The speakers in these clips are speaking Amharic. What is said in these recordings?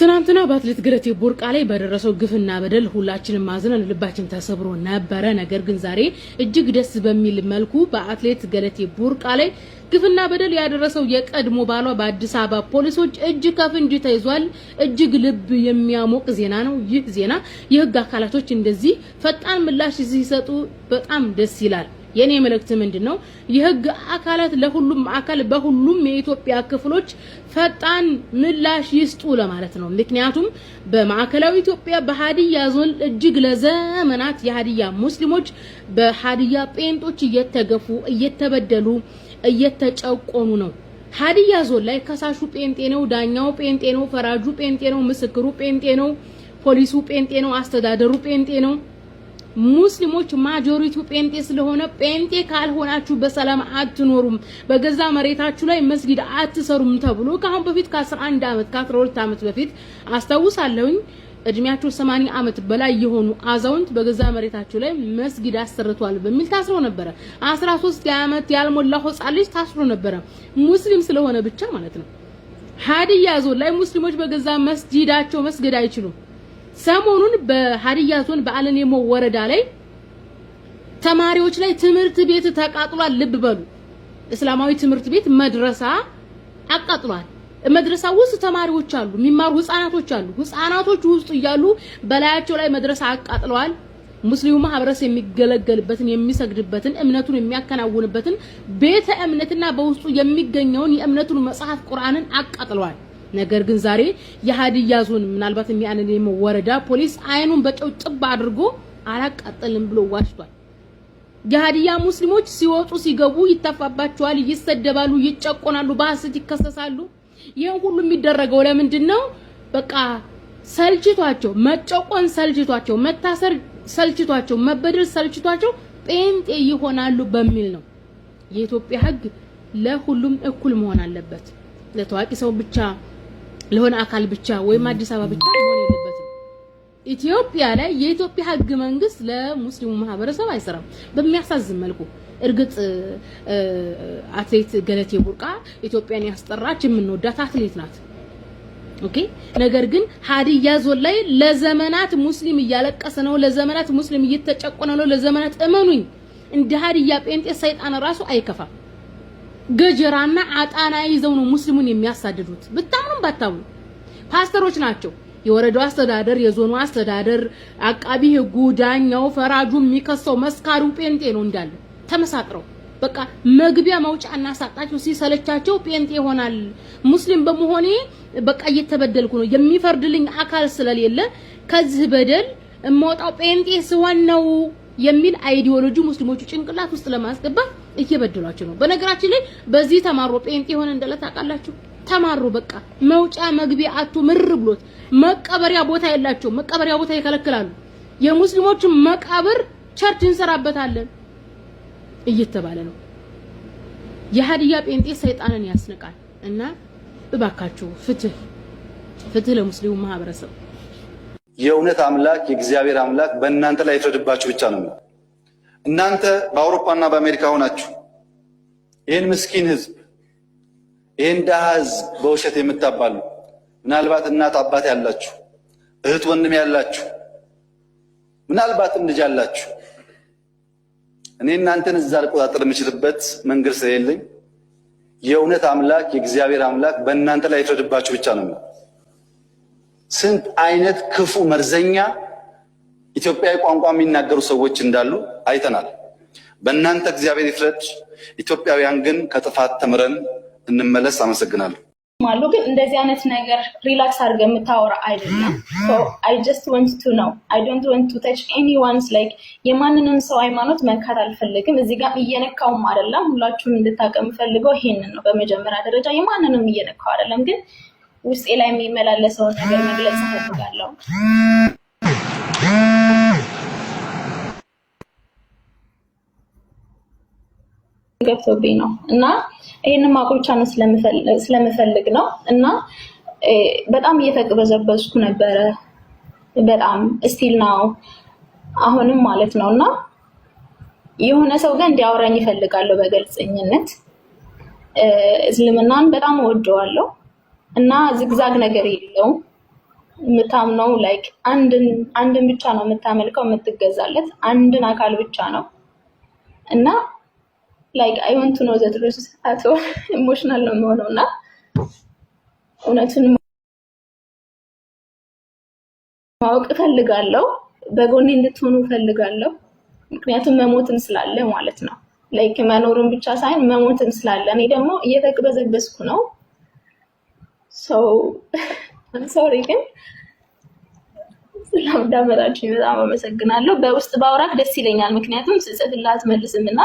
ትናንትና በአትሌት ገለቴ ቡርቃ ላይ በደረሰው ግፍና በደል ሁላችንም ማዝነን ልባችን ተሰብሮ ነበረ። ነገር ግን ዛሬ እጅግ ደስ በሚል መልኩ በአትሌት ገለቴ ቡርቃ ላይ ግፍና በደል ያደረሰው የቀድሞ ባሏ በአዲስ አበባ ፖሊሶች እጅ ከፍንጅ ተይዟል። እጅግ ልብ የሚያሞቅ ዜና ነው። ይህ ዜና የህግ አካላቶች እንደዚህ ፈጣን ምላሽ ሲሰጡ በጣም ደስ ይላል። የኔ መልእክት ምንድን ነው? የህግ አካላት ለሁሉም አካል በሁሉም የኢትዮጵያ ክፍሎች ፈጣን ምላሽ ይስጡ ለማለት ነው። ምክንያቱም በማዕከላዊ ኢትዮጵያ በሀዲያ ዞን እጅግ ለዘመናት የሀዲያ ሙስሊሞች በሀዲያ ጴንጦች እየተገፉ እየተበደሉ እየተጨቆኑ ነው። ሀዲያ ዞን ላይ ከሳሹ ጴንጤ ነው፣ ዳኛው ጴንጤ ነው፣ ፈራጁ ጴንጤ ነው፣ ምስክሩ ጴንጤ ነው፣ ፖሊሱ ጴንጤ ነው፣ አስተዳደሩ ጴንጤ ነው። ሙስሊሞች ማጆሪቲው ጴንጤ ስለሆነ ጴንጤ ካልሆናችሁ በሰላም አትኖሩም፣ በገዛ መሬታችሁ ላይ መስጊድ አትሰሩም ተብሎ ከአሁን በፊት ከ11 ዓመት ከ12 ዓመት በፊት አስታውሳለሁኝ። እድሜያቸው 80 ዓመት በላይ የሆኑ አዛውንት በገዛ መሬታቸው ላይ መስጊድ አሰርቷል በሚል ታስሮ ነበረ። 13 ዓመት ያልሞላ ሕፃን ልጅ ታስሮ ነበረ፣ ሙስሊም ስለሆነ ብቻ ማለት ነው። ሀዲያ ዞን ላይ ሙስሊሞች በገዛ መስጊዳቸው መስገድ አይችሉም። ሰሞኑን በሀዲያ ዞን በአለኔሞ ወረዳ ላይ ተማሪዎች ላይ ትምህርት ቤት ተቃጥሏል። ልብ በሉ እስላማዊ ትምህርት ቤት መድረሳ አቃጥሏል። መድረሳ ውስጥ ተማሪዎች አሉ፣ የሚማሩ ህፃናቶች አሉ። ህፃናቶች ውስጥ እያሉ በላያቸው ላይ መድረሳ አቃጥለዋል። ሙስሊሙ ማህበረሰብ የሚገለገልበትን የሚሰግድበትን እምነቱን የሚያከናውንበትን ቤተ እምነትና በውስጡ የሚገኘውን የእምነቱን መጽሐፍ ቁርአንን አቃጥለዋል። ነገር ግን ዛሬ የሀዲያ ዞን ምናልባት የሚያነኔም ወረዳ ፖሊስ አይኑን ጥብ አድርጎ አላቃጠልም ብሎ ዋሽቷል። የሀዲያ ሙስሊሞች ሲወጡ ሲገቡ ይተፋባቸዋል፣ ይሰደባሉ፣ ይጨቆናሉ፣ በሐሰት ይከሰሳሉ። ይህን ሁሉ የሚደረገው ለምንድን ነው? በቃ ሰልችቷቸው፣ መጨቆን ሰልችቷቸው፣ መታሰር ሰልችቷቸው፣ መበደል ሰልችቷቸው ጴንጤ ይሆናሉ በሚል ነው። የኢትዮጵያ ሕግ ለሁሉም እኩል መሆን አለበት። ለታዋቂ ሰው ብቻ ለሆነ አካል ብቻ ወይም አዲስ አበባ ብቻ መሆን የለበትም። ኢትዮጵያ ላይ የኢትዮጵያ ሕገ መንግስት ለሙስሊሙ ማህበረሰብ አይሰራም በሚያሳዝን መልኩ። እርግጥ አትሌት ገለቴ ቡርቃ ኢትዮጵያን ያስጠራች የምንወዳት አትሌት ናት። ኦኬ። ነገር ግን ሀዲያ ዞን ላይ ለዘመናት ሙስሊም እያለቀሰ ነው፣ ለዘመናት ሙስሊም እየተጨቆነ ነው፣ ለዘመናት እመኑኝ እንደ ሀዲያ ጴንጤ ሰይጣን ራሱ አይከፋም። ገጀራና አጣና ይዘው ነው ሙስሊሙን የሚያሳድዱት። ብታምኑም ባታምኑ ፓስተሮች ናቸው። የወረዳው አስተዳደር፣ የዞኑ አስተዳደር፣ አቃቢ ህጉ፣ ዳኛው፣ ፈራጁ፣ የሚከሰው መስካሪው ጴንጤ ነው እንዳለ ተመሳጥረው በቃ መግቢያ መውጫ እናሳጣቸው ሲሰለቻቸው ጴንጤ ይሆናል። ሙስሊም በመሆኔ በቃ እየተበደልኩ ነው፣ የሚፈርድልኝ አካል ስለሌለ ከዚህ በደል እምወጣው ጴንጤ ስሆን ነው። የሚል አይዲዮሎጂ ሙስሊሞቹ ጭንቅላት ውስጥ ለማስገባት እየበደሏቸው ነው። በነገራችን ላይ በዚህ ተማሮ ጴንጤ የሆነ እንደለ ታውቃላችሁ። ተማሮ በቃ መውጫ መግቢያ አቶ ምር ብሎት መቀበሪያ ቦታ የላቸውም። መቀበሪያ ቦታ ይከለክላሉ። የሙስሊሞችን መቃብር ቸርች እንሰራበታለን እየተባለ ነው። የሀዲያ ጴንጤ ሰይጣንን ያስነቃል እና እባካችሁ ፍትህ ፍትህ ለሙስሊሙ ማህበረሰብ የእውነት አምላክ የእግዚአብሔር አምላክ በእናንተ ላይ ይፍረድባችሁ ብቻ ነው። እናንተ በአውሮፓና በአሜሪካ ሆናችሁ ይህን ምስኪን ህዝብ ይህን ድሃ ህዝብ በውሸት የምታባሉ ምናልባት እናት አባት ያላችሁ እህት ወንድም ያላችሁ ምናልባትም ልጅ አላችሁ እኔ እናንተን እዛ ልቆጣጠር የምችልበት መንገድ ስለሌለኝ የእውነት አምላክ የእግዚአብሔር አምላክ በእናንተ ላይ ይፍረድባችሁ ብቻ ነው። ስንት አይነት ክፉ መርዘኛ ኢትዮጵያዊ ቋንቋ የሚናገሩ ሰዎች እንዳሉ አይተናል። በእናንተ እግዚአብሔር ይፍረድ። ኢትዮጵያውያን ግን ከጥፋት ተምረን እንመለስ። አመሰግናለሁ። አሉ ግን እንደዚህ አይነት ነገር ሪላክስ አድርገ የምታወራ አይደለም። አይ ጀስት ወንት ቱ ነው አይ ዶንት ወንት ቱ ተች ኤኒዋንስ ላይክ የማንንም ሰው ሃይማኖት መንካት አልፈልግም። እዚህ ጋር እየነካውም አይደለም። ሁላችሁም እንድታቀ ፈልገው ይሄንን ነው። በመጀመሪያ ደረጃ የማንንም እየነካው አይደለም ግን ውስጤ ላይ የሚመላለሰውን ነገር መግለጽ እፈልጋለሁ። ገብቶብኝ ነው እና ይህንን ማቁልቻ ነው ስለምፈልግ ነው እና በጣም እየተቅበዘበዝኩ ነበረ። በጣም እስቲል ነው አሁንም ማለት ነው እና የሆነ ሰው ጋር እንዲያወራኝ ይፈልጋለሁ በግልጸኝነት። እስልምናን በጣም እወደዋለሁ። እና ዝግዛግ ነገር የለውም። የምታምነው ላይክ አንድን ብቻ ነው የምታመልከው፣ የምትገዛለት አንድን አካል ብቻ ነው እና ላይክ አይ ወንት ኖ ዘት ትሩዝ አቶ ኢሞሽናል ነው የሚሆነው እና እውነቱን ማወቅ እፈልጋለሁ። በጎኔ እንድትሆኑ እፈልጋለሁ። ምክንያቱም መሞትን ስላለ ማለት ነው ላይክ መኖርም ብቻ ሳይሆን መሞትን ስላለ እኔ ደግሞ እየተቅበዘበዝኩ ነው። ሰው ሶሪ ግን ስለአዳመጣችሁኝ በጣም አመሰግናለሁ። በውስጥ ባውራክ ደስ ይለኛል፣ ምክንያቱም ስጽፍልህ አትመልስም እና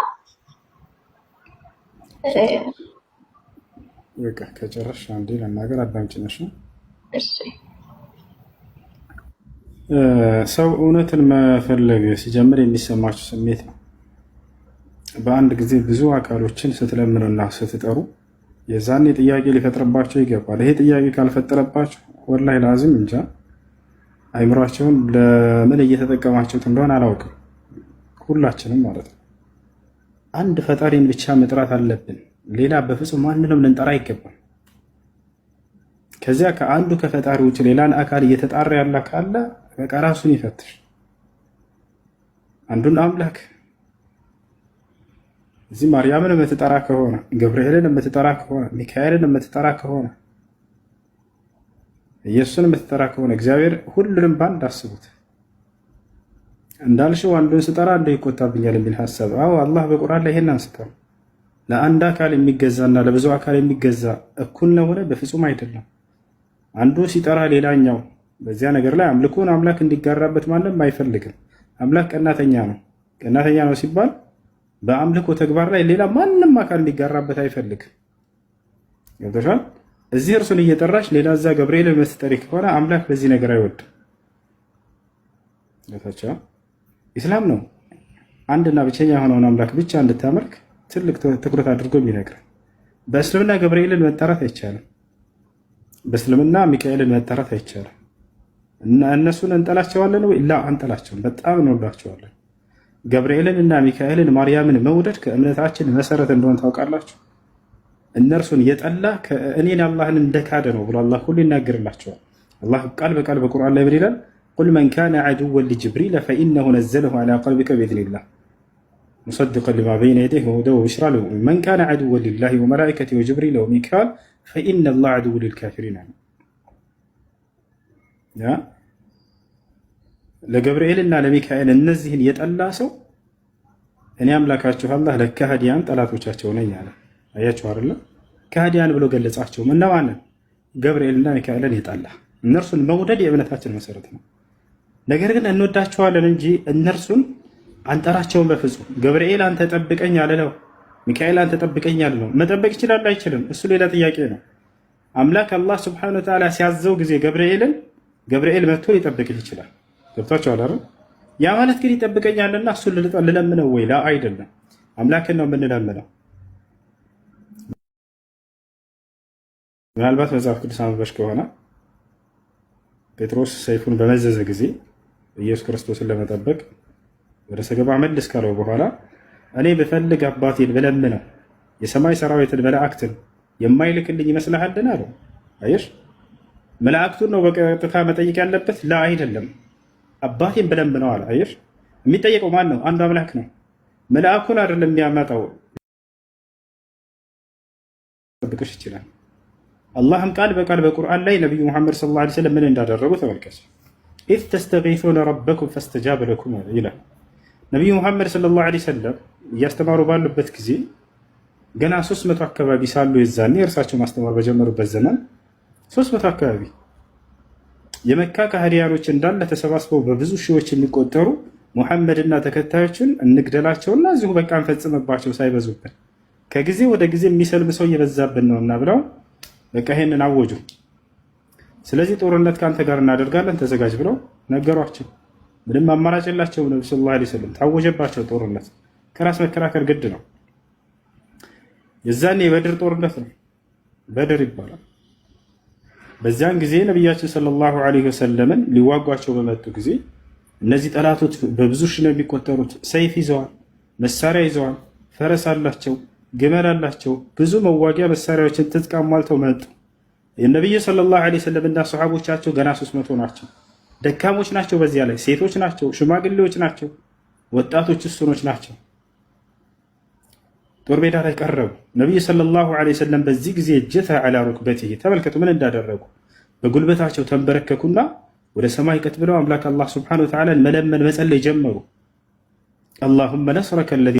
በቃ ከጨረስሽ አንዴ ለናገር አዳምጪነሽ ነው። ሰው እውነትን መፈለግ ሲጀምር የሚሰማችው ስሜት ነው። በአንድ ጊዜ ብዙ አካሎችን ስትለምኑና ስትጠሩ የዛኔ ጥያቄ ሊፈጥርባቸው ይገባል። ይሄ ጥያቄ ካልፈጠረባቸው ወላሂ ላዚም እንጃ አይምሯቸውን ለምን እየተጠቀማቸው እንደሆነ አላውቅም። ሁላችንም ማለት ነው አንድ ፈጣሪን ብቻ መጥራት አለብን። ሌላ በፍጹም ማንንም ልንጠራ አይገባም። ከዚያ ከአንዱ ከፈጣሪ ውጭ ሌላን አካል እየተጣራ ያለ ካለ በቃ ራሱን ይፈትሽ። አንዱን አምላክ እዚህ ማርያምን የምትጠራ ከሆነ ገብርኤልን የምትጠራ ከሆነ ሚካኤልን የምትጠራ ከሆነ ኢየሱስን የምትጠራ ከሆነ እግዚአብሔር ሁሉንም በአንድ አስቡት። እንዳልሽው አንዱን ስጠራ አንዱ ይቆጣብኛል የሚል ሀሳብ አዎ፣ አላህ በቁርአን ላይ ይሄን አንስቷል። ለአንድ አካል የሚገዛና ለብዙ አካል የሚገዛ እኩል ነው ሆነ? በፍጹም አይደለም። አንዱ ሲጠራ ሌላኛው በዚያ ነገር ላይ አምልኮን አምላክ እንዲጋራበት ማንም አይፈልግም። አምላክ ቀናተኛ ነው። ቀናተኛ ነው ሲባል በአምልኮ ተግባር ላይ ሌላ ማንም አካል ሊጋራበት አይፈልግም። ገብቶሻል? እዚህ እርሱን እየጠራሽ ሌላ እዛ ገብርኤልን መስጠሪ ከሆነ አምላክ በዚህ ነገር አይወድም። ገብታችኋል? ኢስላም ነው አንድና ብቸኛ የሆነውን አምላክ ብቻ እንድታመልክ ትልቅ ትኩረት አድርጎ የሚነግር በእስልምና ገብርኤልን መጠራት አይቻልም። በእስልምና ሚካኤልን መጠራት አይቻልም። እነሱን እንጠላቸዋለን ወይ? ላ አንጠላቸውም። በጣም እንወዳቸዋለን። ገብርኤልን እና ሚካኤልን ማርያምን መውደድ ከእምነታችን መሰረት እንደሆነ ታውቃላችሁ። እነርሱን የጠላ እኔን አላህን እንደካደ ነው ብሎ አላህ ሁሉ ይናገርላቸዋል። አላህ ቃል በቃል በቁርአን ላይ ምን ይላል? ቁል መን ካነ አድወን ሊጅብሪል ፈኢነሁ ነዘለሁ ዐላ ቀልቢከ ቢኢዝኒላህ ሙሰድቀን ሊማ በይነ የደይህ ወሁደ ወቡሽራ ልሙእሚን መን ካነ አድወን ሊላሂ ወመላኢከቲሂ ወጅብሪል ወሚካኤል ፈኢነ ላህ አድወን ሊልካፊሪን ለገብርኤልና ለሚካኤል እነዚህን የጠላ ሰው እኔ አምላካችሁ አላህ ለካህዲያን ጠላቶቻቸው ነኝ አለ። አያችሁ አይደለ? ካህዲያን ብሎ ገለጻቸው። እነማንን? ገብርኤልና ሚካኤልን የጠላ እነርሱን መውደድ የእምነታችን መሰረት ነው። ነገር ግን እንወዳቸዋለን እንጂ እነርሱን አንጠራቸውን በፍጹም። ገብርኤል አንተ ጠብቀኝ አልለው፣ ሚካኤል አንተ ጠብቀኝ አልለው። መጠበቅ ይችላል አይችልም? እሱ ሌላ ጥያቄ ነው። አምላክ አላህ ስብሐነሁ ወተዓላ ሲያዘው ጊዜ ገብርኤልን ገብርኤል መጥቶ ሊጠብቅህ ይችላል። ገብቷቸዋል አይደል? ያ ማለት ግን ይጠብቀኛልና እሱን ልለምነው ወይ? ላ አይደለም፣ አምላክን ነው የምንለምነው። ምናልባት መጽሐፍ ቅዱስ አንበሽ ከሆነ ጴጥሮስ ሰይፉን በመዘዘ ጊዜ ኢየሱስ ክርስቶስን ለመጠበቅ ወደ ሰገባ መልስ ካለው በኋላ እኔ ብፈልግ አባቴን ብለምነው የሰማይ ሰራዊትን መላእክትን የማይልክልኝ ይመስልሃልን? አለው። አየሽ፣ መላእክቱን ነው በቀጥታ መጠየቅ ያለበት ላ አይደለም። አባቴን በደንብ ነው አለ። አየሽ፣ የሚጠየቀው ማን ነው? አንዱ አምላክ ነው። መልአኩን አይደለም የሚያመጣው። ጠብቅሽ ይችላል። አላህም ቃል በቃል በቁርአን ላይ ነቢዩ ሙሐመድ ሰለላሁ ላ ስለም ምን እንዳደረጉ ተመልከች። ኢዝ ተስተጊሱነ ረበኩም ፈስተጃበ ለኩም ይላል። ነቢዩ ሙሐመድ ስለ ላ ሰለም እያስተማሩ ባሉበት ጊዜ ገና ሶስት መቶ አካባቢ ሳሉ የዛኔ እርሳቸው ማስተማር በጀመሩበት ዘመን ሶስት መቶ አካባቢ የመካ ካህዲያኖች እንዳለ ተሰባስበው በብዙ ሺዎች የሚቆጠሩ ሙሐመድና ተከታዮችን እንግደላቸውና እዚሁ በቃ እንፈጽምባቸው ሳይበዙብን ከጊዜ ወደ ጊዜ የሚሰልም ሰው እየበዛብን ነውና ብለው በቃ ይሄንን አወጁ። ስለዚህ ጦርነት ከአንተ ጋር እናደርጋለን ተዘጋጅ ብለው ነገሯቸው። ምንም አማራጭ የላቸው ነቢ ስ ላ ስለም ታወጀባቸው ጦርነት ከራስ መከራከር ግድ ነው። የዛኔ የበድር ጦርነት ነው፣ በድር ይባላል። በዚያን ጊዜ ነቢያችን ሰለላሁ ዐለይሂ ወሰለምን ሊዋጓቸው በመጡ ጊዜ እነዚህ ጠላቶች በብዙ ሺህ ነው የሚቆጠሩት። ሰይፍ ይዘዋል፣ መሳሪያ ይዘዋል፣ ፈረስ አላቸው፣ ግመል አላቸው። ብዙ መዋጊያ መሳሪያዎችን ትጥቅ አሟልተው መጡ። የነቢዩ ሰለላሁ ዐለይሂ ወሰለም እና ሰሓቦቻቸው ገና ሶስት መቶ ናቸው። ደካሞች ናቸው። በዚያ ላይ ሴቶች ናቸው፣ ሽማግሌዎች ናቸው፣ ወጣቶች እሱኖች ናቸው። ጦር ሜዳ ላይ ቀረቡ። ነቢዩ ሰለላሁ ዐለይሂ ወሰለም በዚህ ጊዜ እጀተ ዐላ ሩክበቲሂ ተመልከቱ ምን እንዳደረጉ በጉልበታቸው ተንበረከኩና ወደ ሰማይ ቀጥ ብለው አምላክ አላህ ሱብሓነሁ ወተዓላ መለመን መጸለይ ጀመሩ። አላሁመ ነስረከ ለዚ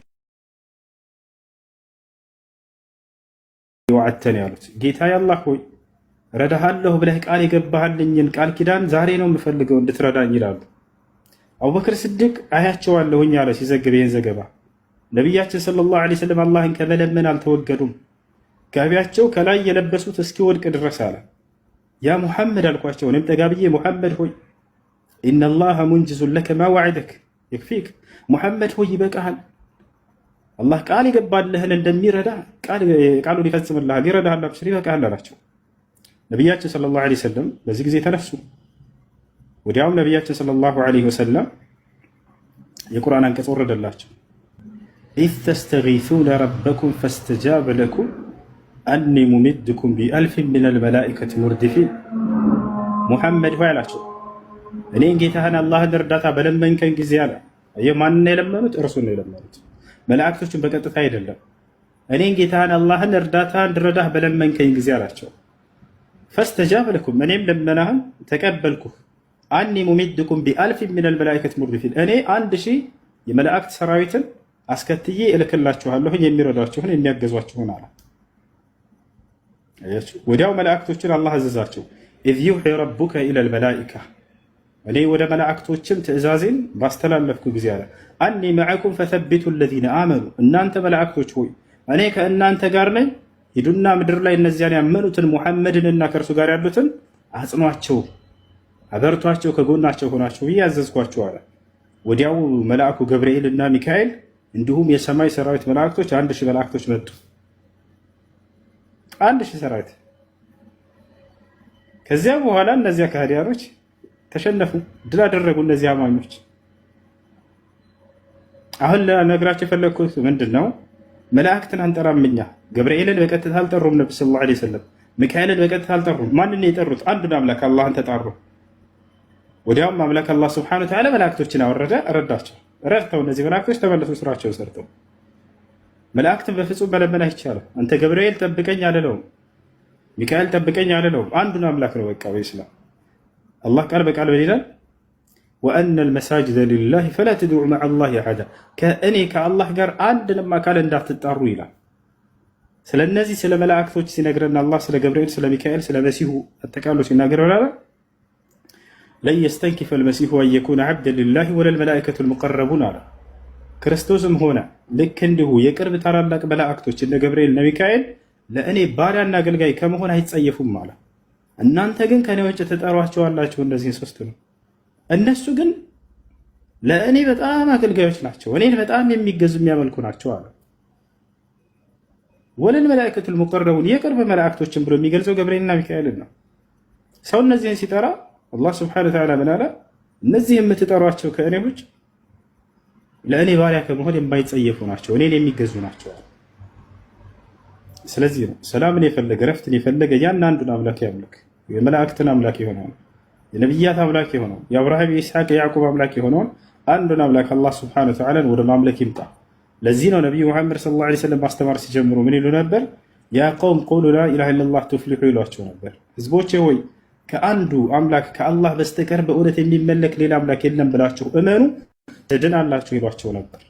ወዐድተኒ ያሉት ጌታዬ አላህ ሆይ ረዳሃለሁ ብለህ ቃል የገባህልኝን ቃል ኪዳን ዛሬ ነው የምፈልገው እንድትረዳኝ ይላሉ። አቡበክር ስድቅ አያቸዋለሁኝ አለ ሲዘግብ ይህን ዘገባ ነቢያችን ሰለላሁ ዐለይሂ ወሰለም አላህን ከመለመን አልተወገዱም። ጋቢያቸው ከላይ የለበሱት እስኪወድቅ ድረስ አለ። ያ ሙሐመድ አልኳቸው፣ እኔም ጠጋ ብዬ ሙሐመድ ሆይ ኢነላሃ ሙንጅዙን ለከ ማ ዋዕደክ የክፊክ፣ ሙሐመድ ሆይ ይበቃሃል፣ አላህ ቃል የገባልህን እንደሚረዳ ቃሉን ይፈጽምልሃል፣ ይረዳሃል፣ አብሽር፣ ይበቃሃል አላቸው። ነቢያችን ሰለላሁ ዐለይሂ ወሰለም በዚህ ጊዜ ተነሱ። ወዲያውም ነቢያችን ሰለላሁ ዐለይሂ ወሰለም የቁርአን አንቀጽ ወረደላቸው። ኢዝ ተስተጊሱነ ረበኩም ፈስተጃበ ለኩም አኒ ሙሚድኩም ቢአልፊን ሚነል መላኢከቲ ሙርዲፊን ሙሐመድ ሆይ አላቸው፣ እኔን ጌታህን አላህን እርዳታ በለመንከን ጊዜ አለ። ማንን የለመኑት? እርሱን ነው የለመኑት፣ መላእክቶችን በቀጥታ አይደለም። እኔን ጌታህን አላህን እርዳታ እንድረዳህ በለመንከኝ ጊዜ አላቸው። ፈስተጃበ ለኩም እኔም ለመናህን ተቀበልኩህ። አኒ ሙሚድኩም ቢአልፊን ሚነል መላኢከቲ ሙርዲፊን እኔ አንድ ሺህ የመላእክት ሰራዊትን አስከትዬ እልክላችኋለሁ የሚረዷችሁን የሚያገዟችሁን አለ። ወዲያው መላእክቶችን አላህ አዘዛቸው። ኢዝ ዩሕይ ረቡከ ኢለል መላኢካ እኔ ወደ መላእክቶችም ትእዛዜን ባስተላለፍኩ ጊዜ አለ አኒ መዐኩም ፈተቢቱ ለዚነ አመኑ፣ እናንተ መላእክቶች ሆይ እኔ ከእናንተ ጋር ነኝ፣ ሂዱና ምድር ላይ እነዚያን ያመኑትን ሙሐመድንና ከእርሱ ጋር ያሉትን አጽኗቸው፣ አበርቷቸው፣ ከጎናቸው ሆናቸው ብዬ አዘዝኳቸው አለ። ወዲያው መልአኩ ገብርኤልና ሚካኤል እንዲሁም የሰማይ ሰራዊት መላእክቶች አንድ ሺህ መላእክቶች መጡ። አንድ ሺህ ሰራዊት። ከዚያ በኋላ እነዚያ ከሃዲያኖች ተሸነፉ፣ ድል አደረጉ። እነዚህ አማኞች አሁን ለነግራቸው የፈለግኩት ምንድን ነው? መላእክትን አንጠራም እኛ። ገብርኤልን በቀጥታ አልጠሩም። ነብ ስ ላ ሰለም ሚካኤልን በቀጥታ አልጠሩም። ማንን የጠሩት? አንዱን አምላክ አላህን ተጣሩ። ወዲያውም አምላክ አላህ ስብሐነ ወተዓላ መላእክቶችን አወረደ፣ ረዳቸው። ረድተው እነዚህ መላእክቶች ተመለሱ ስራቸው ሰርተው። መላእክትን በፍጹም መለመን አይቻልም። አንተ ገብርኤል ጠብቀኝ አልለውም፣ ሚካኤል ጠብቀኝ አልለውም። አንዱን አምላክ ነው በቃ። በኢስላም አላህ ቃል በቃል ምን ይላል? ወአነ ልመሳጅደ ሊላህ ፈላ ተድዑ መዓ ላህ አሐዳ፣ ከእኔ ከአላህ ጋር አንድንም አካል እንዳትጣሩ ይላል። ስለነዚህ ስለ መላእክቶች ሲነግረን አላህ ስለ ገብርኤል፣ ስለ ሚካኤል፣ ስለ መሲሁ አጠቃሎ ሲናገር ይላል ለን የስተንኪፈ ልመሲሁ አን የኩነ ዓብደን ሊላህ ወለልመላኢከቱ ልሙቀረቡን አለ። ክርስቶስም ሆነ ልክ እንዲሁ የቅርብ ታላላቅ መላእክቶች እነ ገብርኤል፣ እነ ሚካኤል ለእኔ ባሪያና አገልጋይ ከመሆን አይጸየፉም አለ። እናንተ ግን ከእኔ ውጭ ትጠሯቸዋላችሁ እነዚህን ሶስት ነው። እነሱ ግን ለእኔ በጣም አገልጋዮች ናቸው፣ እኔን በጣም የሚገዙ የሚያመልኩ ናቸው አለ። ወለል መላእከቱል ሙቀረቡን የቅርብ መላእክቶችን ብሎ የሚገልጸው ገብርኤልና ሚካኤልን ነው። ሰው እነዚህን ሲጠራ አላህ ስብሐነ ወተዓላ ምን አለ? እነዚህ የምትጠሯቸው ከእኔ ውጭ ለእኔ ባሪያ ከመሆን የማይጸየፉ ናቸው፣ እኔን የሚገዙ ናቸው። ስለዚህ ነው ሰላምን የፈለገ ረፍትን የፈለገ ያን አንዱን አምላክ ያምልክ። የመላእክትን አምላክ የሆነውን የነቢያት አምላክ የሆነውን የአብርሃም የኢስሐቅ የያዕቁብ አምላክ የሆነውን አንዱን አምላክ አላህ ስብሐነ ወተዓላን ወደ ማምለክ ይምጣ። ለዚህ ነው ነቢዩ መሐመድ ሰለላሁ ዐለይሂ ወሰለም ማስተማር ሲጀምሩ ምን ይሉ ነበር? ያ ቀውም ቁሉ ላ ኢላሃ ኢለላህ ቱፍሊሑ ይሏቸው ነበር። ህዝቦቼ ሆይ ከአንዱ አምላክ ከአላህ በስተቀር በእውነት የሚመለክ ሌላ አምላክ የለም ብላችሁ እመኑ ትድናላችሁ ይሏቸው ነበር።